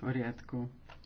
poriadku.